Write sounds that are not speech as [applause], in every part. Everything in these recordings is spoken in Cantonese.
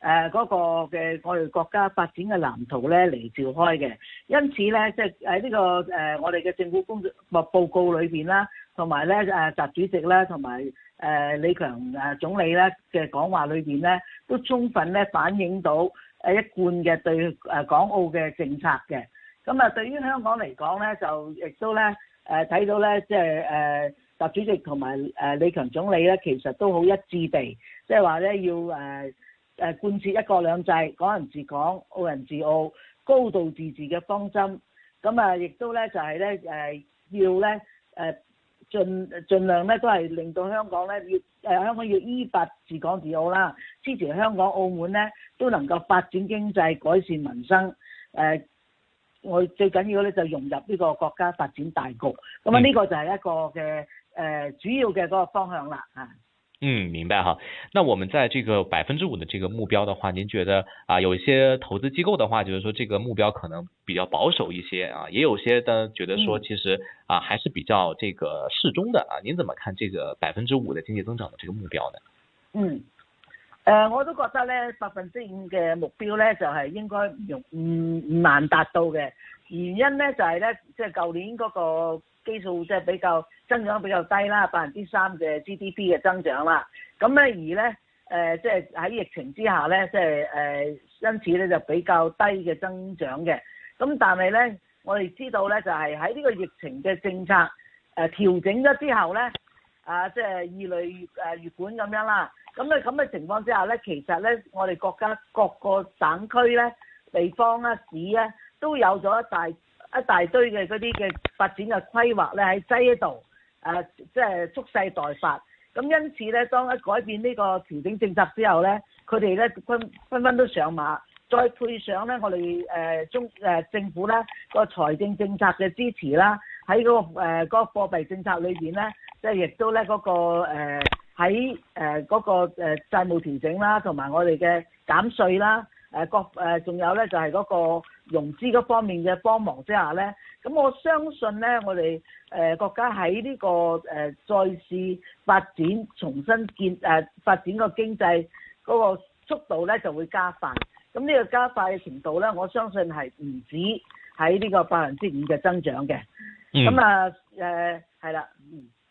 誒嗰個嘅我哋國家發展嘅藍圖咧嚟召開嘅，因此咧即係喺呢個誒我哋嘅政府工作個報告裏邊啦，同埋咧誒習主席咧同埋誒李強誒總理咧嘅講話裏邊咧，都充分咧反映到誒一貫嘅對誒港澳嘅政策嘅。咁啊，對於香港嚟講咧，就亦都咧誒睇到咧，即係誒習主席同埋誒李強總理咧，其實都好一致地，即係話咧要誒。誒、啊、貫徹一國兩制，港人治港，澳人治澳，高度自治嘅方針。咁啊，亦都咧就係咧誒，要咧誒、啊、盡儘量咧都係令到香港咧要誒、啊、香港要依法治港治澳啦，支持香港、澳門咧都能夠發展經濟、改善民生。誒、啊，我最緊要咧就融入呢個國家發展大局。咁、嗯、啊，呢個就係一個嘅誒主要嘅嗰個方向啦。啊！嗯，明白哈。那我們在這個百分之五的這個目標的話，您覺得啊，有一些投資機構的話，就是說這個目標可能比較保守一些啊，也有些的覺得說其實啊還是比較這個適中的啊。您怎麼看這個百分之五的經濟增長的這個目標呢？嗯，呃我都覺得呢，百分之五嘅目標呢，就係應該唔唔難達到嘅。原因咧就係咧，即係舊年嗰個基數即係比較增長比較低啦，百分之三嘅 GDP 嘅增長啦。咁咧而咧，誒即係喺疫情之下咧，即係誒，因此咧就比較低嘅增長嘅。咁但係咧，我哋知道咧，就係喺呢個疫情嘅政策誒、呃、調整咗之後咧，啊即係、就是、乙類乙管咁樣啦。咁咧咁嘅情況之下咧，其實咧，我哋國家各個省區咧、地方啊、市咧。都有咗一大一大堆嘅嗰啲嘅發展嘅規劃咧喺西一度，即、啊、係、就是、蓄勢待發。咁因此咧，當一改變呢個調整政策之後咧，佢哋咧分分分都上馬。再配上咧，我哋誒、呃、中誒、呃、政府咧個財政政策嘅支持啦，喺嗰、那個誒嗰、呃那個貨幣政策裏面咧，即係亦都咧嗰、那個喺誒嗰個債、呃、債務調整啦，同埋我哋嘅減稅啦、啊，各誒仲、呃、有咧就係嗰、那個。融資嗰方面嘅幫忙之下咧，咁我相信咧，我哋誒國家喺呢個誒再次發展、重新建誒發展個經濟嗰個速度咧就會加快。咁呢個加快嘅程度咧，我相信係唔止喺呢個百分之五嘅增長嘅。咁、嗯、啊係啦。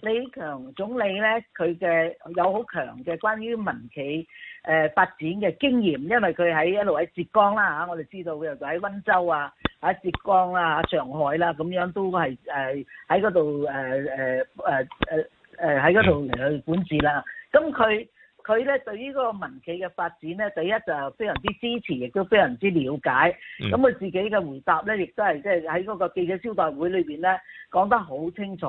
李強總理咧，佢嘅有好強嘅關於民企誒、呃、發展嘅經驗，因為佢喺一路喺浙江啦嚇，我哋知道佢又喺温州啊，喺浙江啊、上海啦咁樣，都係誒喺嗰度誒誒誒誒誒喺嗰度嚟去管治啦。咁佢佢咧對於嗰個民企嘅發展咧，第一就非常之支持，亦都非常之了解。咁佢自己嘅回答咧，亦都係即係喺嗰個記者招待會裏邊咧講得好清楚。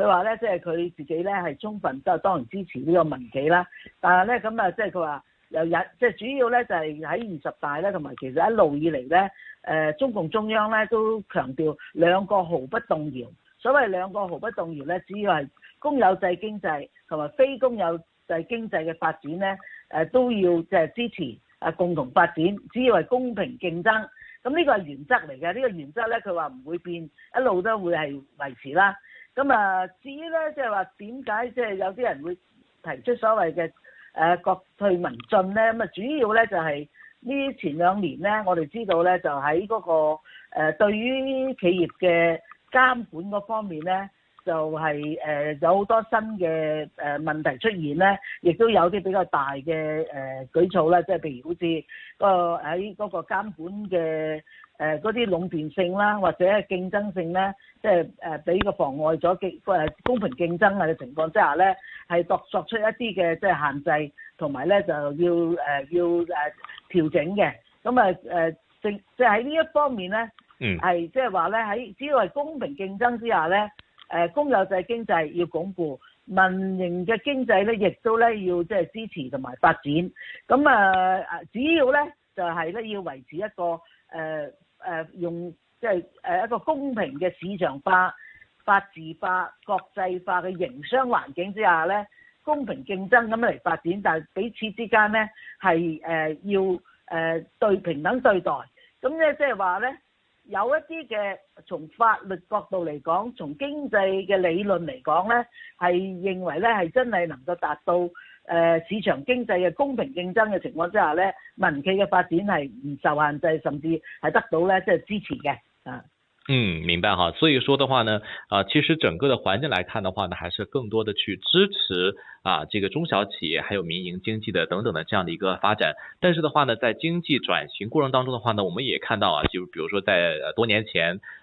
佢話咧，即係佢自己咧係充分都係當然支持呢個民企啦。但係咧咁啊，即係佢話又有，即係、就是、主要咧就係喺二十大咧，同埋其實一路以嚟咧，誒、呃、中共中央咧都強調兩個毫不動搖。所謂兩個毫不動搖咧，主要係公有制經濟同埋非公有制經濟嘅發展咧，誒、呃、都要即係支持啊共同發展，主要係公平競爭。咁呢個係原則嚟嘅，呢、這個原則咧佢話唔會變，一路都會係維持啦。咁啊，至於咧，即係話點解即係有啲人會提出所謂嘅誒國退民進咧？咁啊，主要咧就係呢前兩年咧，我哋知道咧，就喺嗰、嗰個誒、呃、對於企業嘅監管嗰方面咧，就係、係、誒、呃、有好多新嘅誒問題出現咧，亦都有啲比較大嘅誒、呃、舉措啦，即係譬如好似嗰、嗰個喺嗰個監管嘅。誒嗰啲壟斷性啦，或者係競爭性咧，即係誒俾個妨礙咗競誒公平競爭嘅情況之下咧，係作作出一啲嘅即係限制，同埋咧就要誒要誒調整嘅。咁啊誒政即係喺呢一方面咧，嗯係即係話咧喺只要係公平競爭之下咧，誒公有制經濟要鞏固，民營嘅經濟咧亦都咧要即係支持同埋發展。咁啊啊，主要咧就係咧要維持一個誒。誒用即係誒一個公平嘅市場化、法治化、國際化嘅營商環境之下咧，公平競爭咁嚟發展，但係彼此之間咧係誒要誒對平等對待，咁咧即係話咧有一啲嘅從法律角度嚟講，從經濟嘅理論嚟講咧係認為咧係真係能夠達到。呃、市場經濟嘅公平競爭嘅情況之下呢，民企嘅發展係唔受限制，就是、甚至係得到咧即、就是、支持嘅，啊。嗯，明白哈，所以說的話呢，啊、呃，其實整個的環境來看的話呢，還是更多的去支持啊，這個中小企業，還有民營經濟的等等的這樣的一個發展。但是的話呢，在經濟轉型過程當中的話呢，我們也看到啊，就比如說在多年前。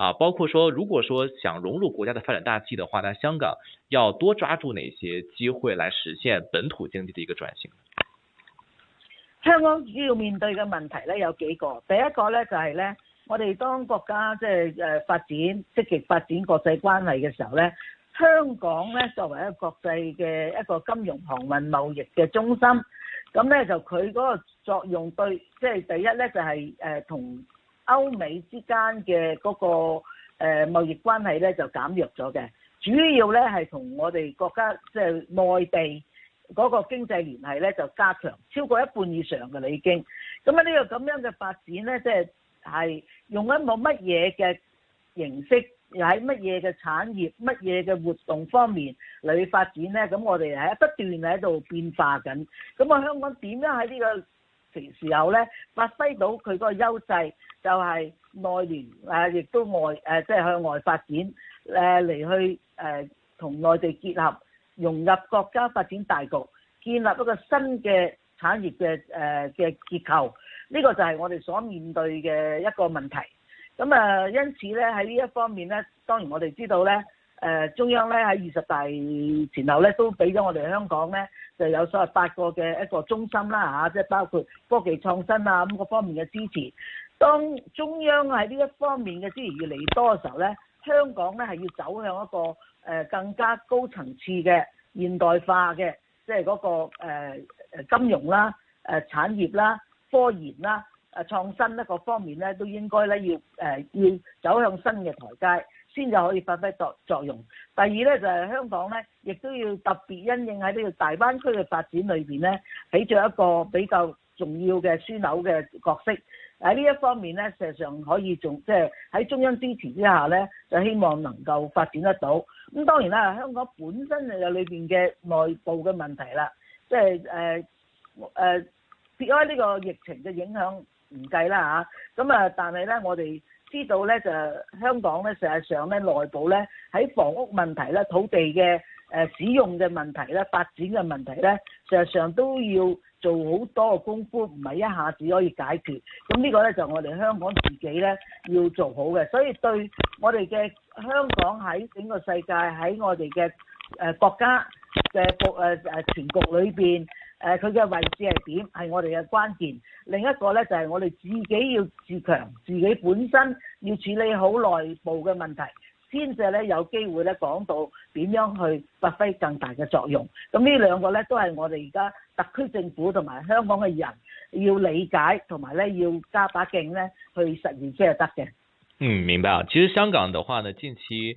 啊，包括說，如果說想融入國家的發展大計的話，那香港要多抓住哪些機會來實現本土經濟的一個轉型？香港主要面對嘅問題呢，有幾個，第一個呢，就係呢，我哋當國家即係誒發展積極發展國際關係嘅時候呢，香港呢，作為一個國際嘅一個金融航運貿易嘅中心，咁呢就佢嗰個作用對，即係第一呢，就係誒同。呃歐美之間嘅嗰個誒貿易關係咧就減弱咗嘅，主要咧係同我哋國家即係內地嗰個經濟聯繫咧就加強，超過一半以上嘅啦已經。咁啊呢個咁樣嘅發展咧，即係係用緊冇乜嘢嘅形式，喺乜嘢嘅產業、乜嘢嘅活動方面嚟去發展咧？咁我哋係不斷喺度變化緊。咁啊香港點樣喺呢個時候咧，發揮到佢嗰個優勢，就係內聯誒，亦都外誒，即係向外發展誒，嚟去誒同內地結合，融入國家發展大局，建立一個新嘅產業嘅誒嘅結構。呢個就係我哋所面對嘅一個問題。咁啊，因此咧喺呢一方面咧，當然我哋知道咧，誒中央咧喺二十大前後咧都俾咗我哋香港咧。就有所謂八個嘅一個中心啦，嚇，即係包括科技創新啊，咁各方面嘅支持。當中央喺呢一方面嘅支持越嚟越多嘅時候咧，香港咧係要走向一個誒更加高層次嘅現代化嘅，即係嗰個誒金融啦、誒產業啦、科研啦。誒、啊、創新一個方面咧都應該咧要誒、呃、要走向新嘅台階，先至可以發揮作作用。第二咧就係、是、香港咧，亦都要特別因應喺呢個大灣區嘅發展裏面咧，起咗一個比較重要嘅樞紐嘅角色。喺呢一方面咧，事實上可以仲即係喺中央支持之下咧，就希望能夠發展得到。咁當然啦，香港本身就有裏面嘅內部嘅問題啦，即係誒誒撇開呢個疫情嘅影響。唔計啦嚇，咁啊，但係咧，我哋知道咧，就香港咧，實際上咧，內部咧，喺房屋問題咧、土地嘅誒使用嘅問題咧、發展嘅問題咧，實際上都要做好多嘅功夫，唔係一下子可以解決。咁呢個咧就我哋香港自己咧要做好嘅，所以對我哋嘅香港喺整個世界喺我哋嘅誒國家嘅國誒誒全局裏邊。誒，佢嘅位置係點係我哋嘅關鍵，另一個呢，就係我哋自己要自強，自己本身要處理好內部嘅問題，先至咧有機會咧講到點樣去發揮更大嘅作用。咁呢兩個呢，都係我哋而家特區政府同埋香港嘅人要理解，同埋呢要加把勁呢去實現先係得嘅。嗯，明白。其實香港嘅話呢，近期。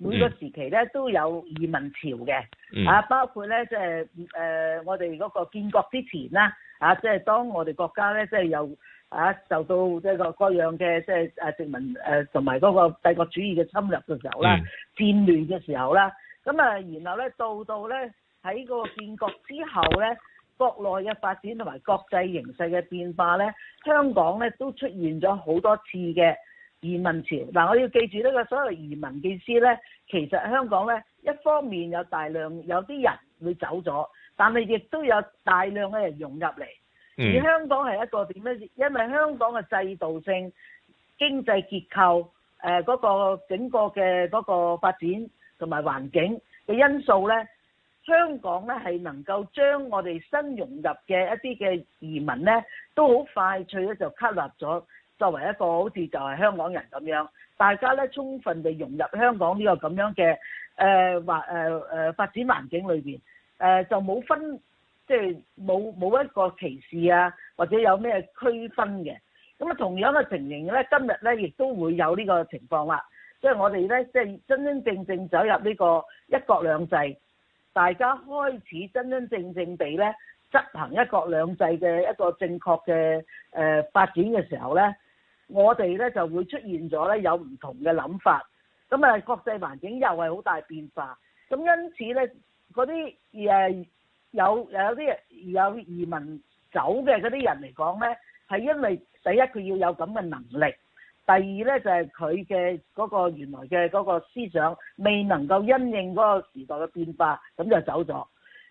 每個時期咧都有移民潮嘅，啊、mm hmm. 包括咧即係誒我哋嗰個建國之前啦，啊即係當我哋國家咧即係又啊受到即係個各樣嘅即係誒殖民誒同埋嗰個帝國主義嘅侵略嘅時候啦，mm hmm. 戰亂嘅時候啦。咁啊然後咧到到咧喺嗰個建國之後咧，國內嘅發展同埋國際形勢嘅變化咧，香港咧都出現咗好多次嘅移民潮嗱，我要記住呢個所謂移民嘅意思咧，其實香港咧一方面有大量有啲人會走咗，但係亦都有大量嘅人融入嚟。嗯。而香港係一個點咧？因為香港嘅制度性、經濟結構、誒嗰個整個嘅嗰個發展同埋環境嘅因素咧，香港咧係能夠將我哋新融入嘅一啲嘅移民咧，都好快脆咧就吸納咗。作為一個好似就係香港人咁樣，大家咧充分地融入香港呢個咁樣嘅誒或誒誒發展環境裏邊，誒就冇分即係冇冇一個歧視啊，或者有咩區分嘅。咁啊同樣嘅情形咧，今日咧亦都會有呢個情況啦。即係我哋咧，即係真真正正走入呢個一國兩制，大家開始真真正正地咧執行一國兩制嘅一個正確嘅誒發展嘅時候咧。我哋咧就會出現咗咧有唔同嘅諗法，咁啊國際環境又係好大變化，咁因此咧嗰啲誒有有啲有，有移民走嘅嗰啲人嚟講咧，係因為第一佢要有咁嘅能力，第二咧就係佢嘅嗰個原來嘅嗰個思想未能夠因應嗰個時代嘅變化，咁就走咗。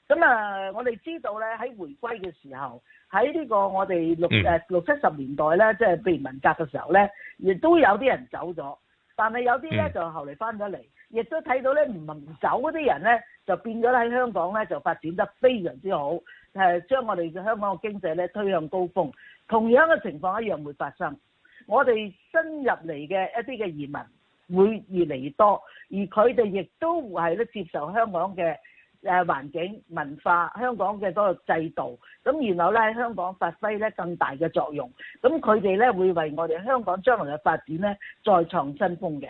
咁啊，我哋知道咧，喺回歸嘅時候，喺呢個我哋六誒、嗯、六七十年代咧，即係譬如文革嘅時候咧，亦都有啲人走咗，但係有啲咧就後嚟翻咗嚟，亦都睇到咧，唔唔走嗰啲人咧，就變咗咧，喺香港咧就發展得非常之好，誒將我哋嘅香港嘅經濟咧推向高峰。同樣嘅情況一樣會發生，我哋新入嚟嘅一啲嘅移民會越嚟越多，而佢哋亦都會係咧接受香港嘅。誒，環境文化香港嘅嗰個制度，咁然後咧喺香港發揮咧更大嘅作用，咁佢哋咧會為我哋香港將來嘅發展咧再創新風嘅。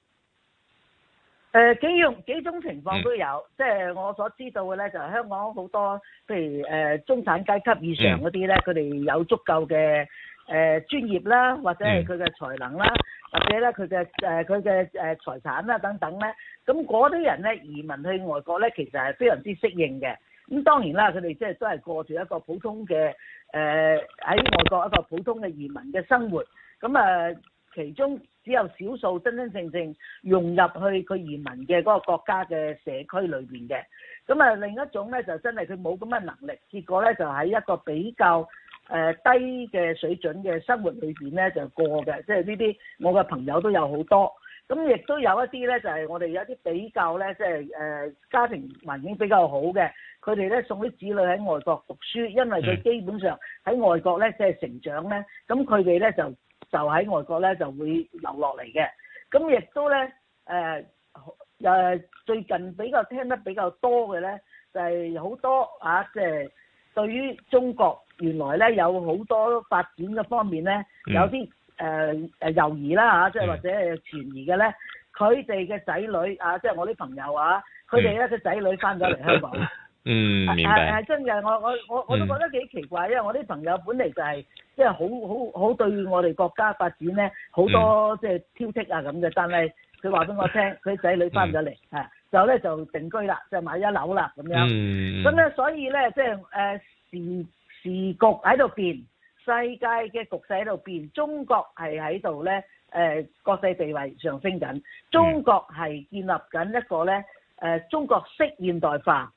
誒幾樣幾種情況都有，嗯、即係我所知道嘅咧，就係、香港好多譬如誒、呃、中產階級以上嗰啲咧，佢哋、嗯、有足夠嘅誒、呃、專業啦，或者係佢嘅才能啦，嗯、或者咧佢嘅誒佢嘅誒財產啦等等咧，咁嗰啲人咧移民去外國咧，其實係非常之適應嘅。咁、嗯、當然啦，佢哋即係都係過住一個普通嘅誒喺外國一個普通嘅移民嘅生活。咁、嗯、啊、呃，其中。只有少數真真正正融入去佢移民嘅嗰個國家嘅社區裏邊嘅，咁啊，另一種咧就真係佢冇咁嘅能力，結果咧就喺一個比較誒、呃、低嘅水準嘅生活裏邊咧就過嘅，即係呢啲我嘅朋友都有好多，咁亦都有一啲咧就係、是、我哋有啲比較咧，即係誒家庭環境比較好嘅，佢哋咧送啲子女喺外國讀書，因為佢基本上喺外國咧即係成長咧，咁佢哋咧就。就喺外國咧就會留落嚟嘅，咁亦都咧誒、呃、最近比較聽得比較多嘅咧，就係、是、好多啊，即、就、係、是、對於中國原來咧有好多發展嘅方面咧，嗯、有啲誒誒遊啦即係或者有傳疑嘅咧，佢哋嘅仔女啊，即、就、係、是、我啲朋友啊，佢哋咧嘅仔女返咗嚟香港。 [laughs] 嗯，係係係真嘅。我我我我都覺得幾奇怪，因為我啲朋友本嚟就係即係好好好對我哋國家發展咧好多即係挑剔啊咁嘅。但係佢話俾我聽，佢仔女返咗嚟，係就咧就定居啦，就買一樓啦咁樣。咁咧，所以咧即係誒時時局喺度變，世界嘅局勢喺度變，中國係喺度咧誒國際地位上升緊，中國係建立緊一個咧誒中國式現代化。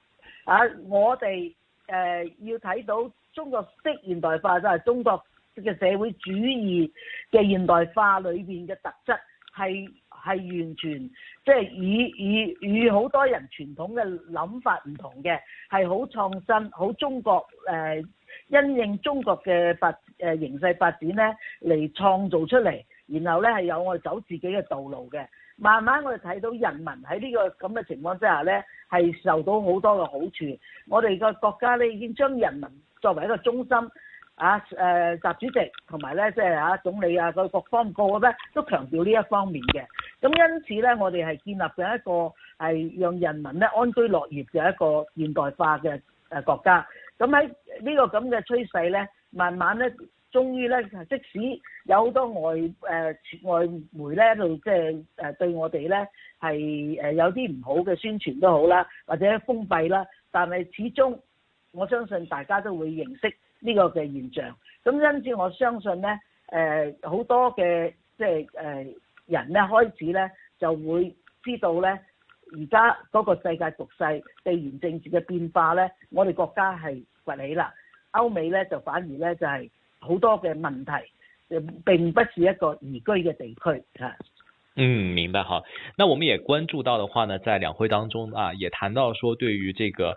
啊！我哋誒、呃、要睇到中國式現代化就係、是、中國嘅社會主義嘅現代化裏邊嘅特質係係完全即係、就是、與與與好多人傳統嘅諗法唔同嘅，係好創新，好中國誒、呃、因應中國嘅發誒、呃、形勢發展咧嚟創造出嚟，然後咧係有我哋走自己嘅道路嘅。慢慢我哋睇到人民喺呢個咁嘅情況之下咧，係受到好多嘅好處。我哋個國家咧已經將人民作為一個中心啊，誒習主席同埋咧即係啊總理啊，佢各方各個咧都強調呢一方面嘅。咁因此咧，我哋係建立咗一個係讓人民咧安居樂業嘅一個現代化嘅誒國家。咁喺呢個咁嘅趨勢咧，慢慢咧。終於咧，即使有好多外誒、呃、外媒咧，喺度即係誒對我哋咧係誒有啲唔好嘅宣傳都好啦，或者封閉啦，但係始終我相信大家都會認識呢個嘅現象。咁因此我相信咧，誒、呃、好多嘅即係誒人咧開始咧就會知道咧，而家嗰個世界局勢地緣政治嘅變化咧，我哋國家係崛起啦，歐美咧就反而咧就係、是。好多嘅問題，並不是一個宜居嘅地區啊。嗯，明白好，那我們也關注到的話呢，在兩會當中啊，也談到說對於這個。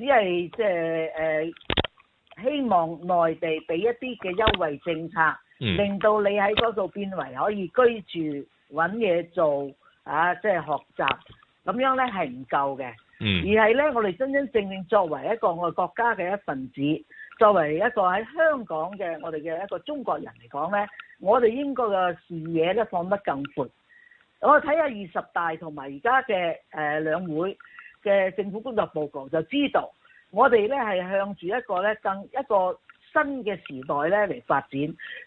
只係即係誒，希望內地俾一啲嘅優惠政策，嗯、令到你喺嗰度變為可以居住、揾嘢做，啊，即係學習咁樣咧係唔夠嘅，嗯、而係咧我哋真真正正作為一個我哋國家嘅一份子，作為一個喺香港嘅我哋嘅一個中國人嚟講咧，我哋應該嘅視野咧放得更闊。我哋睇下二十大同埋而家嘅誒兩會嘅政府工作報告就知道，我哋咧係向住一個咧更一個新嘅時代咧嚟發展。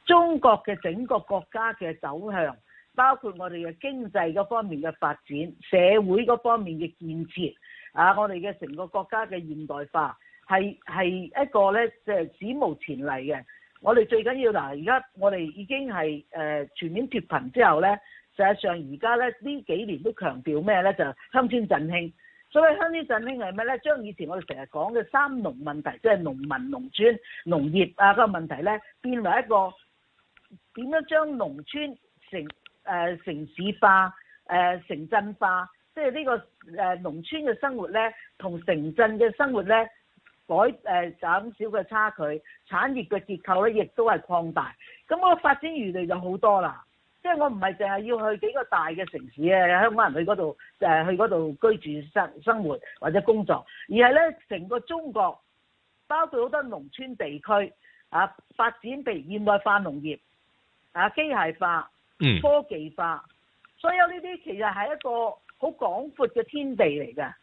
中國嘅整個國家嘅走向，包括我哋嘅經濟嗰方面嘅發展、社會嗰方面嘅建設啊，我哋嘅成個國家嘅現代化係係一個咧即係史無前例嘅。我哋最緊要嗱，而家我哋已經係誒全面脫貧之後咧，實際上而家咧呢幾年都強調咩咧？就鄉村振興。所以鄉村振興係咩咧？將以前我哋成日講嘅三農問題，即係農民、農村、農業啊嗰個問題咧，變為一個點樣將農村城誒城市化、誒城鎮化，即係呢個誒農村嘅生活咧，同城鎮嘅生活咧改誒減少嘅差距，產業嘅結構咧，亦都係擴大，咁我發展餘地就好多啦。即係我唔係淨係要去幾個大嘅城市啊，香港人去嗰度誒去嗰度居住生生活或者工作，而係咧成個中國，包括好多農村地區啊，發展譬如現代化農業，啊機械化、科技化，嗯、所有呢啲其實係一個好廣闊嘅天地嚟㗎。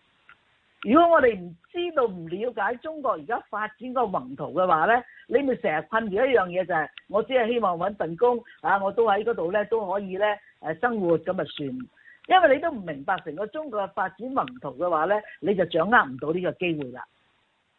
如果我哋唔知道、唔了解中國而家發展嗰個宏圖嘅話呢，你咪成日困住一樣嘢就係、是，我只係希望揾份工啊，我都喺嗰度呢都可以呢誒生活咁啊算，因為你都唔明白成個中國嘅發展宏圖嘅話呢，你就掌握唔到呢個機會啦。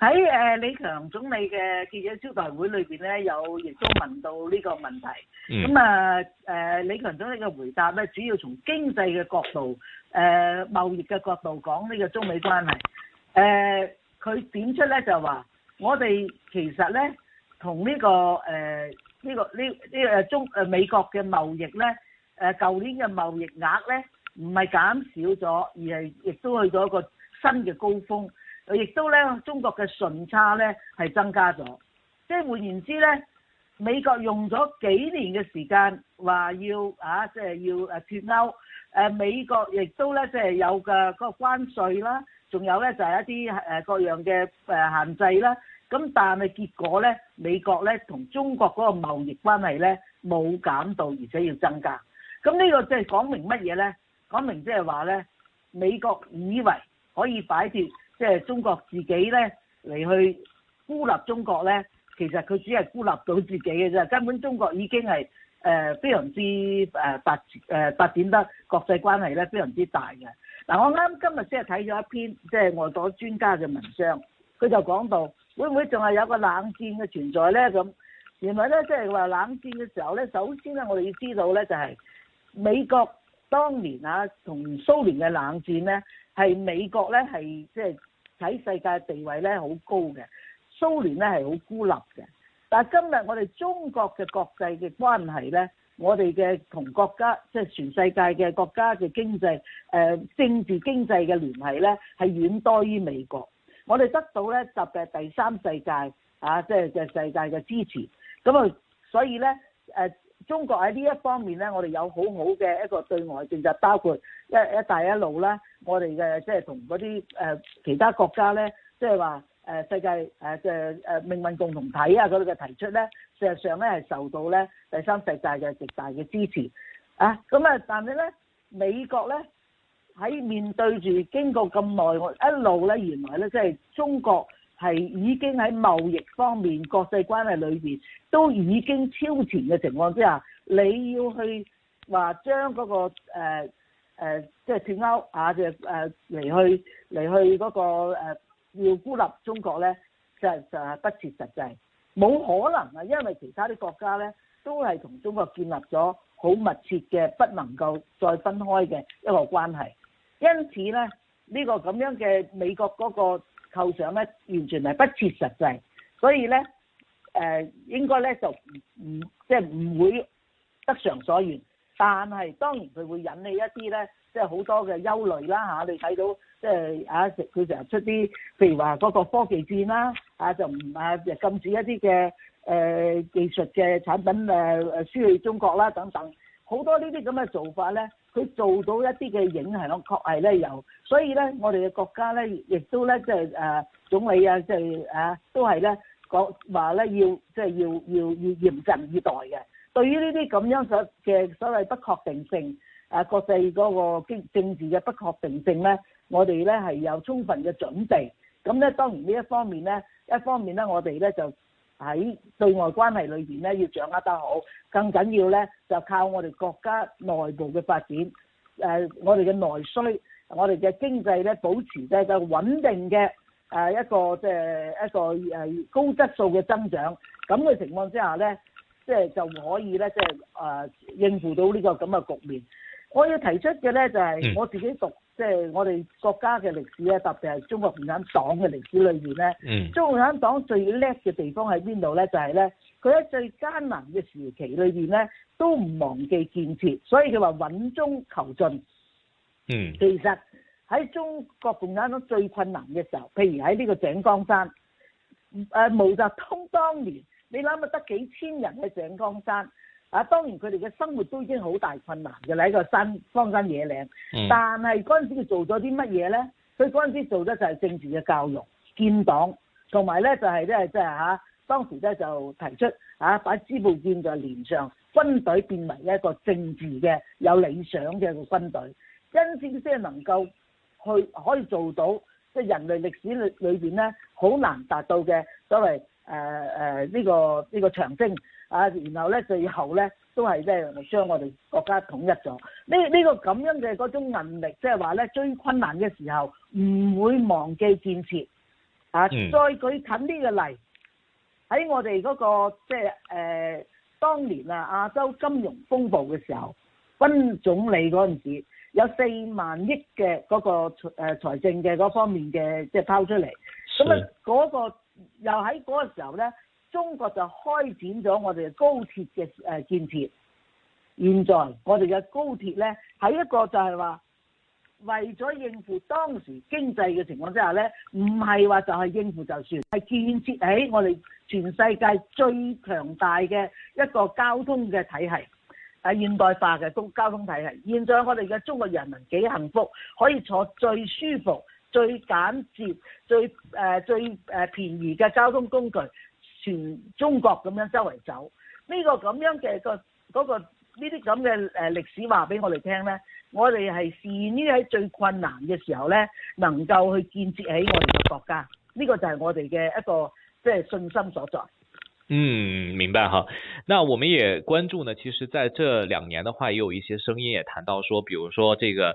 喺誒李強總理嘅記者招待會裏邊咧，有亦都問到呢個問題。咁啊誒李強總理嘅回答咧，主要從經濟嘅角度、誒貿易嘅角度講呢個中美關係。誒佢點出咧就係話，我哋其實咧同呢個誒呢個呢呢誒中誒美國嘅貿易咧，誒舊年嘅貿易額咧唔係減少咗，而係亦都去到一個新嘅高峰。亦都咧，中國嘅順差咧係增加咗，即係換言之咧，美國用咗幾年嘅時間話要啊，即係要誒脫鈎，誒美國亦都咧即係有嘅嗰個關稅啦，仲有咧就係一啲誒各樣嘅誒限制啦。咁但係結果咧，美國咧同中國嗰個貿易關係咧冇減到，而且要增加。咁呢個即係講明乜嘢咧？講明即係話咧，美國以為可以擺脫。即係中國自己咧嚟去孤立中國咧，其實佢只係孤立到自己嘅啫，根本中國已經係誒非常之誒發誒發展得國際關係咧非常之大嘅。嗱，我啱今日先係睇咗一篇即係外國專家嘅文章，佢就講到會唔會仲係有個冷戰嘅存在咧咁，原來咧即係話冷戰嘅時候咧，首先咧我哋要知道咧就係美國當年啊同蘇聯嘅冷戰咧，係美國咧係即係。睇世界地位咧好高嘅，蘇聯咧係好孤立嘅。但係今日我哋中國嘅國際嘅關係咧，我哋嘅同國家即係、就是、全世界嘅國家嘅經濟、誒政治經濟嘅聯繫咧，係遠多於美國。我哋得到咧特別第三世界啊，即係嘅世界嘅支持。咁啊，所以咧誒。中國喺呢一方面咧，我哋有好好嘅一個對外政策，包括一一帶一路咧，我哋嘅即係同嗰啲誒其他國家咧，即係話誒世界誒誒誒命運共同體啊嗰啲嘅提出咧，事實上咧係受到咧第三世界嘅極大嘅支持啊。咁啊，但係咧美國咧喺面對住經過咁耐，一路咧原來咧即係中國。係已經喺貿易方面、國際關係裏面都已經超前嘅情況之下，你要去話將嗰、那個誒即係脫鈎啊，即係誒嚟去嚟去嗰、那個、呃、要孤立中國咧，就就係不切實際，冇可能啊！因為其他啲國家咧都係同中國建立咗好密切嘅，不能夠再分開嘅一個關係。因此咧，呢、這個咁樣嘅美國嗰、那個。後上咧完全係不切實際，所以咧誒應該咧就唔即係唔會得償所願，但係當然佢會引起一啲咧即係好多嘅憂慮啦嚇。你睇到即係啊，佢成日出啲，譬如話嗰個科技戰啦啊，就唔啊禁止一啲嘅誒技術嘅產品誒輸去中國啦等等。好多呢啲咁嘅做法咧，佢做到一啲嘅影響，確係咧有，所以咧我哋嘅國家咧，亦都咧即係誒總理啊，即係啊，都係咧講話咧要即係要要要嚴陣以待嘅。對於呢啲咁樣所嘅所謂不確定性啊，國際嗰個經政治嘅不確定性咧，我哋咧係有充分嘅準備。咁咧當然呢一方面咧，一方面咧我哋咧就。喺對外關係裏邊咧，要掌握得好，更緊要咧就靠我哋國家內部嘅發展。誒，我哋嘅內需，我哋嘅經濟咧，保持嘅一個穩定嘅誒一個即係一個誒高質素嘅增長。咁嘅情況之下咧，即係就可以咧，即係誒應付到呢個咁嘅局面。我要提出嘅咧就係我自己讀。即係我哋國家嘅歷史咧，特別係中國共產黨嘅歷史裏面咧，嗯、中共產黨最叻嘅地方喺邊度咧？就係咧，佢喺最艱難嘅時期裏邊咧，都唔忘記建設，所以佢話穩中求進。嗯，其實喺中國共產黨最困難嘅時候，譬如喺呢個井岡山，誒、啊、毛澤東當年，你諗下得幾千人喺井岡山。啊，當然佢哋嘅生活都已經好大困難，嘅喺個山荒山野嶺。嗯、但係嗰陣時佢做咗啲乜嘢咧？佢嗰陣時做得就係政治嘅教育、建黨，同埋咧就係咧即係嚇當時咧就提出嚇把支部建在連上，軍隊變為一個政治嘅有理想嘅個軍隊，因此先能夠去可以做到即係人類歷史裏裏邊咧好難達到嘅所謂誒誒呢個呢個長征。啊，然後咧，最後咧，都係咧，將我哋國家統一咗。呢、這、呢個咁、這個、樣嘅嗰種能力，即係話咧，最困難嘅時候唔會忘記建設。啊，嗯、再舉近啲嘅例，喺我哋嗰、那個即係、就是呃、當年啊亞洲金融風暴嘅時候，溫總理嗰時時有四萬億嘅嗰個財政嘅嗰方面嘅即係拋出嚟，咁啊嗰個又喺嗰時時候咧。中國就開展咗我哋嘅高鐵嘅呃建設。現在我哋嘅高鐵呢，喺一個就係話，為咗應付當時經濟嘅情況之下呢，唔係話就係應付就算，係建設喺我哋全世界最強大嘅一個交通嘅體系，係現代化嘅交通體系。現在我哋嘅中國人民幾幸福，可以坐最舒服、最簡捷、最、呃、最便宜嘅交通工具。全中國咁樣周圍走，呢、這個咁樣嘅、那個嗰、那個呢啲咁嘅誒歷史話俾我哋聽咧，我哋係善於喺最困難嘅時候咧，能夠去建設起我哋嘅國家，呢、這個就係我哋嘅一個即係信心所在。嗯，明白哈。那我們也關注呢，其實在這兩年的話，也有一些聲音也談到，說，比如說這個。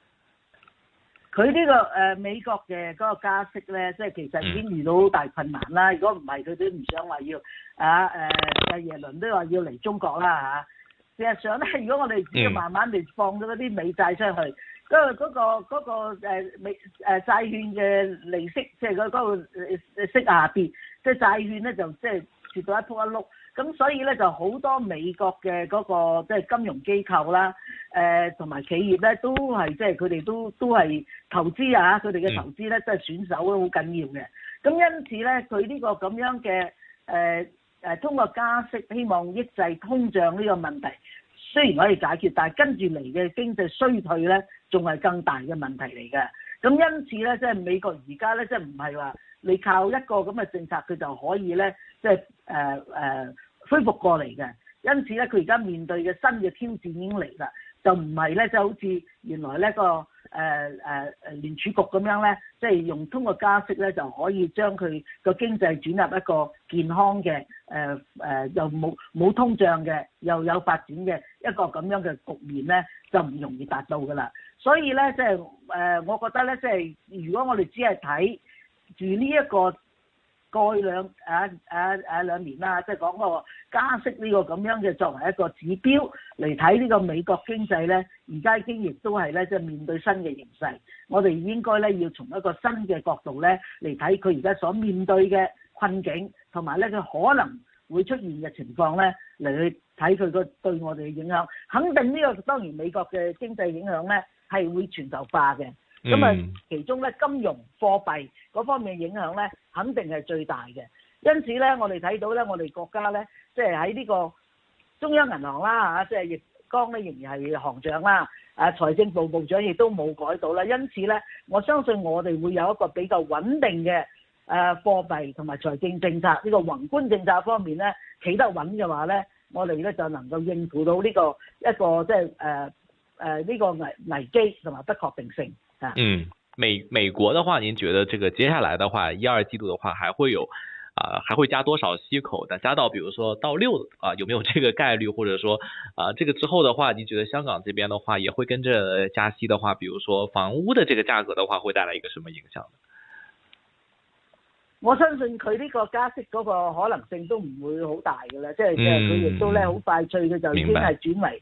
佢呢、這個誒、呃、美國嘅嗰個加息咧，即係其實已經遇到好大困難啦。如果唔係，佢都唔想話要啊誒、呃，耶倫都話要嚟中國啦嚇。事、啊、實上咧，如果我哋只要慢慢哋放咗啲美債出去，嗰、那個嗰、那個、那個啊、美誒、啊、債券嘅利息，即係嗰嗰個誒、啊、息下跌，即係債券咧就即係跌到一仆一碌。咁所以咧就好多美國嘅嗰個即係金融機構啦，誒同埋企業咧都係即係佢哋都都係投資啊！佢哋嘅投資咧即係選手都好緊要嘅。咁因此咧，佢呢個咁樣嘅誒誒通過加息，希望抑制通脹呢個問題，雖然可以解決，但係跟住嚟嘅經濟衰退咧，仲係更大嘅問題嚟嘅。咁因此咧，即係美國而家咧，即係唔係話你靠一個咁嘅政策，佢就可以咧。即係誒誒恢復過嚟嘅，因此咧，佢而家面對嘅新嘅挑戰已經嚟啦，就唔係咧，就好似原來呢個誒誒誒聯儲局咁樣咧，即係用通過加息咧就可以將佢個經濟轉入一個健康嘅誒誒又冇冇通脹嘅又有發展嘅一個咁樣嘅局面咧，就唔容易達到噶啦。所以咧，即係誒，我覺得咧，即係如果我哋只係睇住呢一個。過兩啊啊啊兩年啦，即係講個加息呢個咁樣嘅作為一個指標嚟睇呢個美國經濟咧，而家經亦都係咧，即係面對新嘅形勢，我哋應該咧要從一個新嘅角度咧嚟睇佢而家所面對嘅困境，同埋咧佢可能會出現嘅情況咧嚟去睇佢個對我哋嘅影響。肯定呢個當然美國嘅經濟影響咧係會全球化嘅。咁啊，嗯、其中咧金融貨幣嗰方面嘅影響咧，肯定係最大嘅。因此咧，我哋睇到咧，我哋國家咧，即係喺呢個中央銀行啦吓，即係易綱咧仍然係行長啦。誒，財政部部長亦都冇改到啦。因此咧，我相信我哋會有一個比較穩定嘅誒貨幣同埋財政政策呢，這個宏觀政策方面咧企得穩嘅話咧，我哋咧就能夠應付到呢個一個即係誒誒呢個危危機同埋不確定性。嗯，美美國的話，您覺得這個接下來的話，一二季度的話還會有啊、呃，還會加多少息口的？但加到比如說到六啊、呃，有沒有這個概率？或者說啊、呃，這個之後的話，您覺得香港這邊的話也會跟着加息的話，比如說房屋的這個價格的話，會帶來一個什麼影響？我相信佢呢個加息嗰個可能性都唔會好大噶啦，即係即係佢亦都咧好快脆嘅，嗯、佢就已經係轉為。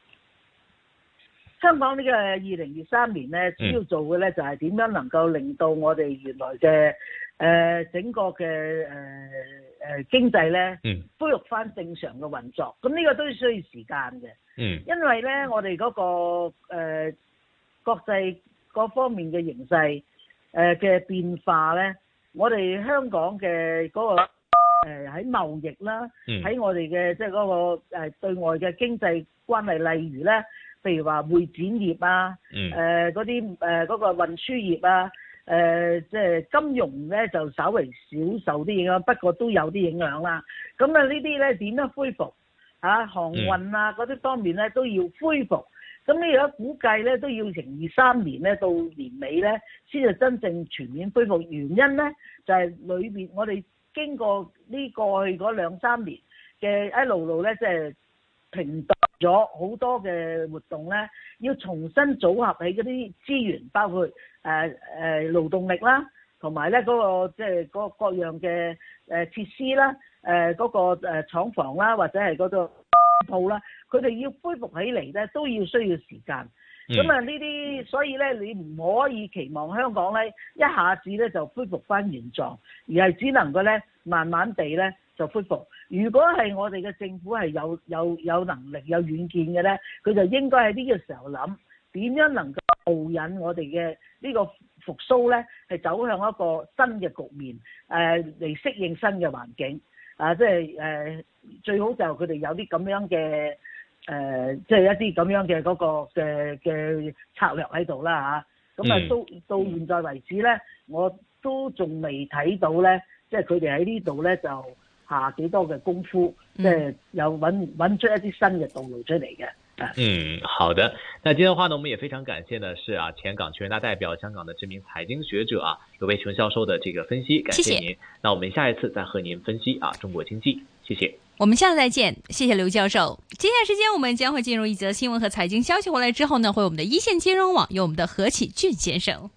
香港呢個二零二三年呢，主要做嘅呢就係點樣能夠令到我哋原來嘅誒、呃、整個嘅誒誒經濟呢恢復翻正常嘅運作。咁、這、呢個都需要時間嘅，嗯、因為呢，我哋嗰、那個誒、呃、國際各方面嘅形勢誒嘅變化呢，我哋香港嘅嗰、那個喺貿、呃、易啦，喺、嗯、我哋嘅即係嗰個誒、呃、對外嘅經濟關係，例如呢。譬如話會展業啊，誒嗰啲誒嗰個運輸業啊，誒即係金融咧就稍微少受啲影響啊，不過都有啲影響啦。咁啊呢啲咧點樣恢復啊？航運啊嗰啲方面咧都要恢復。咁你而家估計咧都要成二三年咧到年尾咧先至真正全面恢復，原因咧就係裏邊我哋經過呢過去嗰兩三年嘅一路路咧即係。就是停頓咗好多嘅活動咧，要重新組合起嗰啲資源，包括誒誒勞動力啦，同埋咧嗰個即係嗰各樣嘅誒、呃、設施啦，誒、呃、嗰、嗰個誒、呃、廠房啦，或者係嗰個鋪啦，佢哋要恢復起嚟咧，都要需要時間。咁啊、嗯，呢啲所以咧，你唔可以期望香港咧一下子咧就恢復翻原狀，而係只能夠咧慢慢地咧。就恢復。如果係我哋嘅政府係有有有能力有遠見嘅咧，佢就應該喺呢個時候諗點樣能夠導引我哋嘅呢個復甦咧，係走向一個新嘅局面，誒嚟適應新嘅環境。啊，即係誒最好就佢哋有啲咁樣嘅誒，即、呃、係、就是、一啲咁樣嘅嗰、那個嘅嘅策略喺度啦嚇。咁啊，到、啊嗯、到現在為止咧，我都仲未睇到咧，即係佢哋喺呢度咧就下幾多嘅功夫，即係搵出一啲新嘅道路出嚟嘅。啊、嗯，好的。那今天的話呢，我們也非常感謝呢，是啊，前港區人大代表、香港的知名財經學者啊，劉佩瓊教授的這個分析，感謝您。謝謝。那我們下一次再和您分析啊，中國經濟，謝謝。我們下次再見，謝謝劉教授。接下時間，我們將會進入一則新聞和財經消息，回來之後呢，會有我們的一線金融網有我們的何啟俊先生。